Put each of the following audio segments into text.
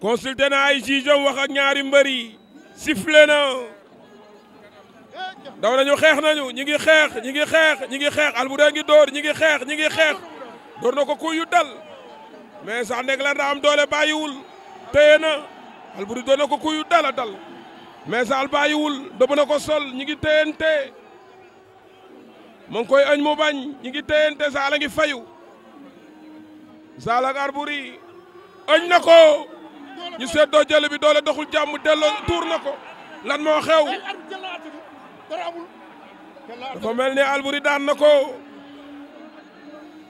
consulté na ay juge wax ak ñaari mbër yi sifflé na daw nañu xeex nañu ñi ngi xeex ñi ngi xeex ñi ngi xeex Alboury ngi dóor ñi ngi xeex ñi ngi xeex dóor na ko ku yu dal mais sax nekk la daa am doole bàyyiwul téye na Alboury ko ku yu dal a dal mais sax bàyyiwul na ko sol ñi ngi téyante mu ngi koy añ mu bañ ñi ngi téyante sax ngi fayu Zal ak Alboury añ na ko ñu seddoo jël bi doole doxul jàmm delloo tuur na ko lan moo xew dafa mel ni Alboury daan na ko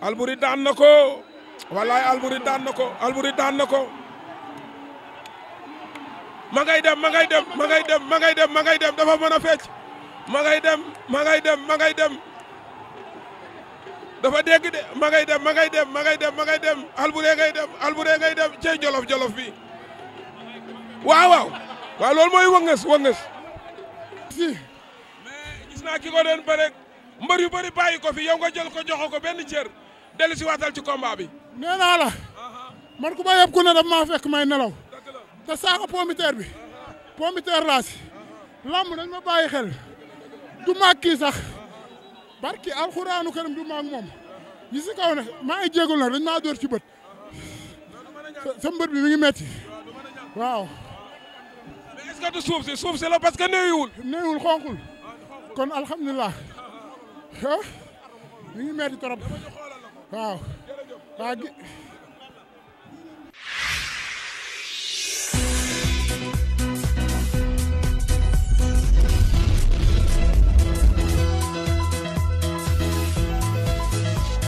Alboury daan na ko wallaay Alboury daan na ko Alboury daan na ko ma ngay dem ma ngay dem ma ngay dem ma ngay dem ma ngay dem dafa mën a fecc ma ngay dem ma ngay dem ma ngay dem dafa dégg de ma ngay dem ma ngay dem ma ngay dem ma ngay dem Alboury ngay dem Alboury ngay dem cey jolof jolof bi waaw waaw loolu mooy wëngës wëngës si mais gis naa ki ko doon bëre mbër yu bëri bàyyi ko fi yow nga jël ko joxo ko benn cër dellu si waatal ci combat bi nee naa la uh-huh. man ku ma yëpp ku ne daf maa fekk may nelaw te saako pomiteer bi uh-huh. pomiteer laa si uh-huh. lamb dañ ma bàyyi xel du maag kii sax barki alxuraanu karim du maag moom yi kaw ne maa ngi jéegul nag maa dóor ci bët sa mbër bi mi ngi metti waaw mais est-ce que du suuf si suuf si la parce que néewiwul. néewiwul xonqul kon alhamdulilah ah mi ngi metti trop waaw.